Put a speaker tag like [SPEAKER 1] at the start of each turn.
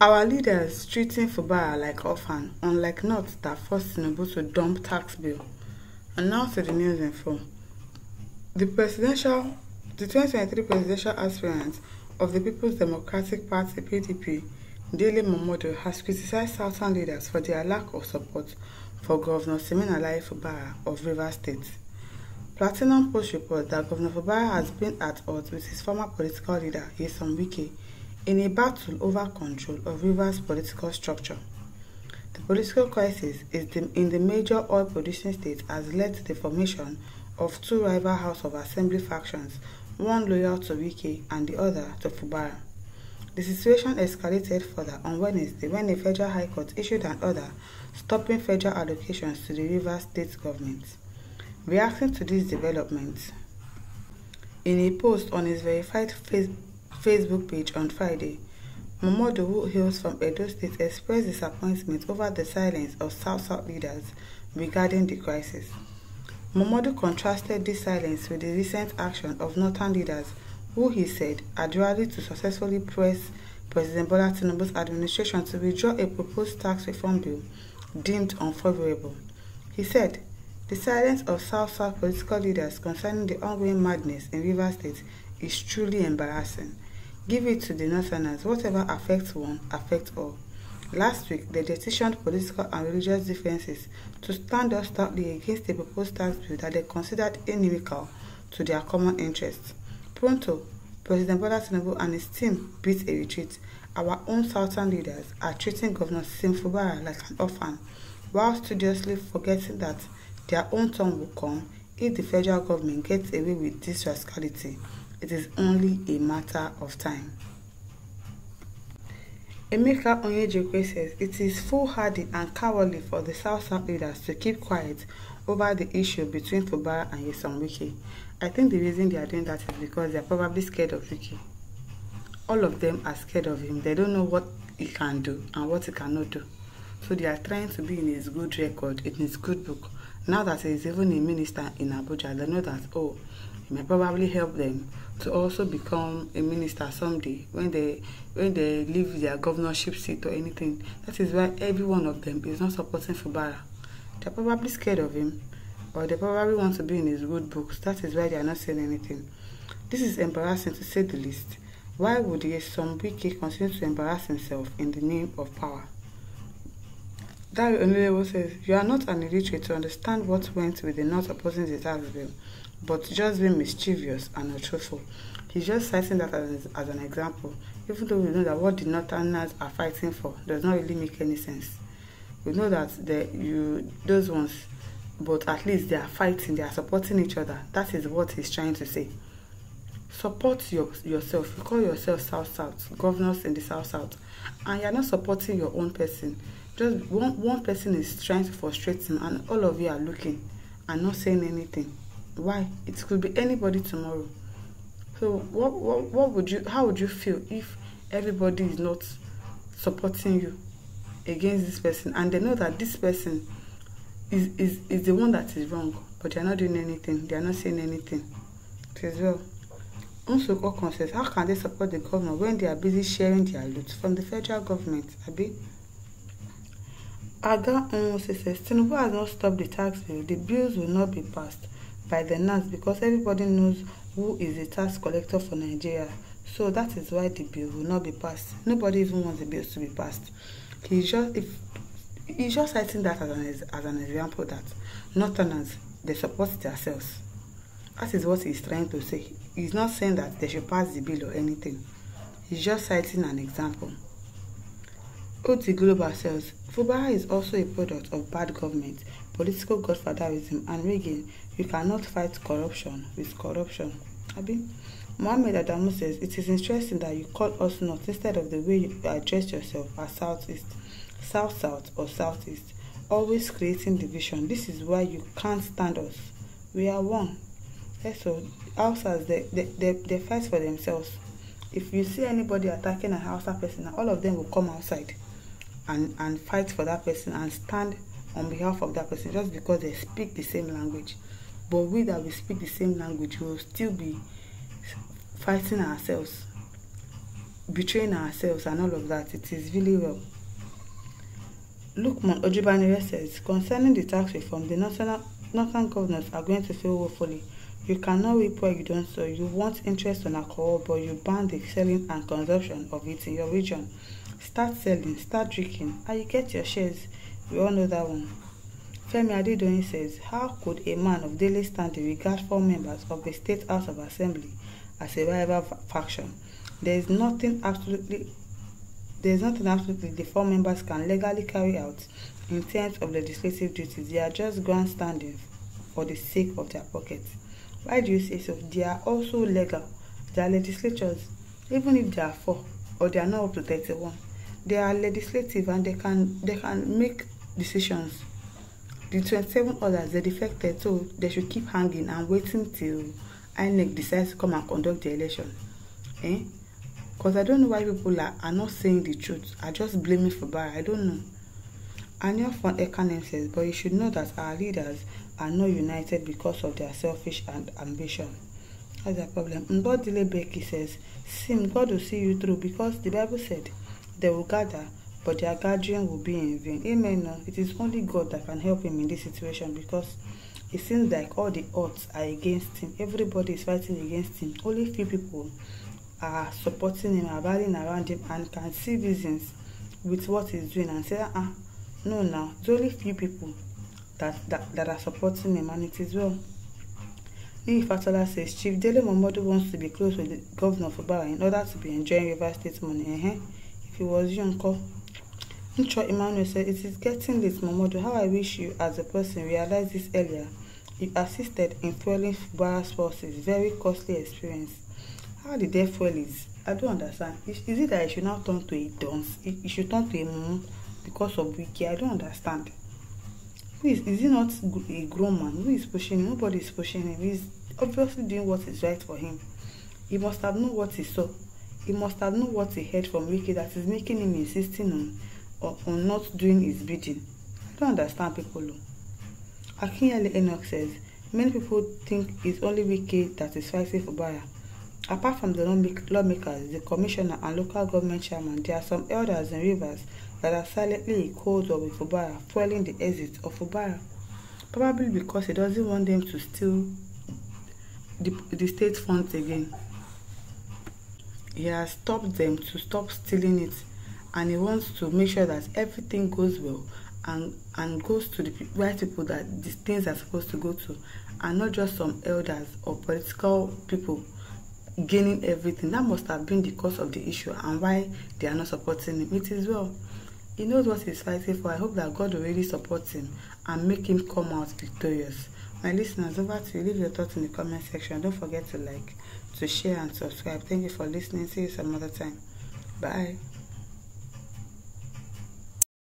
[SPEAKER 1] Our leaders treating Fubara like orphan, unlike not that forced Tinubu to dump tax bill. And now to the news in full. The presidential, the 2023 presidential aspirant of the People's Democratic Party (PDP), Dele Momodu, has criticized Southern leaders for their lack of support for Governor Semin Alaye Fubara of Rivers State. Platinum Post reports that Governor Fubara has been at odds with his former political leader, Yesom Wike, In a battle over control of Rivers' political structure, the political crisis the, in the major oil-producing state has led to the formation of two rival House of Assembly factions, one loyal to Wiki and the other to Fubara. The situation escalated further on Wednesday when the Federal High Court issued an order stopping federal allocations to the Rivers state government. Reacting to these developments, in a post on his verified Facebook. Facebook page on Friday. Momodu, who hails from Edo State, expressed disappointment over the silence of South South leaders regarding the crisis. Momodu contrasted this silence with the recent action of Northern leaders, who he said had rallied to successfully press President Bola Tinubu's administration to withdraw a proposed tax reform bill deemed unfavorable. He said the silence of South South political leaders concerning the ongoing madness in River State is truly embarrassing. give it to the northerners whatever affects one affects all last week the jettisoned political and religious differences to stand up stoutly against the proposed tax bill that they considered inimical to their common interests pronto president bola tinubu and his team beat a retreat our own southern leaders are treating governor simfubara like an orphan while studiously forgetting that their own turn will come if the federal government gets away with this rascality It is only a matter of time. Emeka Onyejekwe says, It is foolhardy and cowardly for the South South leaders to keep quiet over the issue between Fubara and Yesom Wike. I think the reason they are doing that is because they are probably scared of Wike. All of them are scared of him. They don't know what he can do and what he cannot do. So they are trying to be in his good record, in his good book. Now that he is even a minister in Abuja, they know that, oh, may probably help them to also become a minister someday when they when they leave their governorship seat or anything. That is why every one of them is not supporting Fubara. They're probably scared of him or they probably want to be in his good books. That is why they are not saying anything. This is embarrassing to say the least. Why would some wicked, continue to embarrass himself in the name of power? That Onilebo says, You are not an illiterate to understand what went with the not opposing the tax bill, but just being mischievous and untruthful. He's just citing that as, as an example, even though we know that what the Northerners are fighting for does not really make any sense. We know that the, you those ones, but at least they are fighting, they are supporting each other. That is what he's trying to say. Support your, yourself. You call yourself South South, governors in the South South, and you're not supporting your own person just one one person is trying to frustrate him and all of you are looking and not saying anything why it could be anybody tomorrow so what what, what would you how would you feel if everybody is not supporting you against this person and they know that this person is is is the one that is wrong but they are not doing anything they are not saying anything as well Nsukko concerns how can they support the government when they are busy sharing their loot from the federal government abi Aga Onwuse says Tinubu has not stopped the tax bill. The bills will not be passed by the NAS because everybody knows who is the tax collector for Nigeria. So that is why the bill will not be passed. Nobody even wants the bills to be passed. He just if he's just citing that as an as an example that Northerners they support themselves. That is what he's trying to say. He's not saying that they should pass the bill or anything. He's just citing an example. OT Global says Fubara is also a product of bad government, political godfatherism, and rigging. You cannot fight corruption with corruption. Abi? Mohammed Adamu says, It is interesting that you call us North instead of the way you address yourself as Southeast, South South, or Southeast, always creating division. This is why you can't stand us. We are one. Yes, eh, so Hausas, they, they, they, they fight for themselves. If you see anybody attacking a Hausa person, all of them will come outside. and and fight for that person and stand on behalf of that person just because they speak the same language but we that we speak the same language will still be fighting ourselves betraying ourselves and all of that it is really well Lukman Ojubanire says concerning the tax reform the northern northern governors are going to fail woefully you cannot reap what you don't sow you want interest on alcohol but you ban the selling and consumption of it in your region start selling start drinking and you get your shares we all know that one femi adedoyin says how could a man of daily standing regard four members of the state house of assembly as a rival faction there is nothing absolutely there is nothing absolutely the four members can legally carry out in terms of legislative duties they are just grandstanding for the sake of their pockets. why do you say so they are also legal their legislatures even if they are four or they are not up to thirty-one they are legislative and they can they can make decisions the 27 others they defected so they should keep hanging and waiting till INEC decides to come and conduct the election eh because i don't know why people are, are not saying the truth are just blaming for bad. i don't know Anya from Ekanem says but you should know that our leaders are not united because of their selfish and ambition that's the problem Mbodile Becky says Sim God will see you through because the Bible said They will gather, but their gathering will be in vain. Amen. it is only God that can help him in this situation because it seems like all the odds are against him. Everybody is fighting against him. Only few people are supporting him, are rallying around him, and can see reasons with what he's doing and say, ah, no, now, it's only few people that, that, that are supporting him, and it is well. Niyi Fatola says Chief Dele Momodu wants to be close with the governor of Obawa in order to be enjoying River State money. Uh-huh. He it was you, Uncle. Ncho Emmanuel said, It is getting late, Momodu. How I wish you, as a person, realized this earlier. You assisted in fueling Barra's forces. Very costly experience. How the death fuel is? I don't understand. Is, is it that I should now turn to a dunce? It, should turn to a mumu because of Wiki? I don't understand. Who is, is he not a grown man? Who is pushing him? Nobody is pushing him. is obviously doing what is right for him. He must have known what he saw he must have known what he heard from Wiki that is making him insisting on, on, not doing his bidding. I don't understand people. Akinyele Enoch says, many people think it's only Wiki that is fighting for Baya. Apart from the lawmakers, the commissioner and local government chairman, there are some elders and rivers that are silently cold up with Fubara, foiling the exit of Fubara. Probably because he doesn't want them to steal the, the state funds again he has stopped them to stop stealing it and he wants to make sure that everything goes well and and goes to the right people that these things are supposed to go to and not just some elders or political people gaining everything that must have been the cause of the issue and why they are not supporting him it is well he knows what he's fighting for i hope that god will really support him and make him come out victorious my listeners over to you leave your thoughts in the comment section don't forget to like to share and subscribe. Thank you for listening. See you some other time. Bye.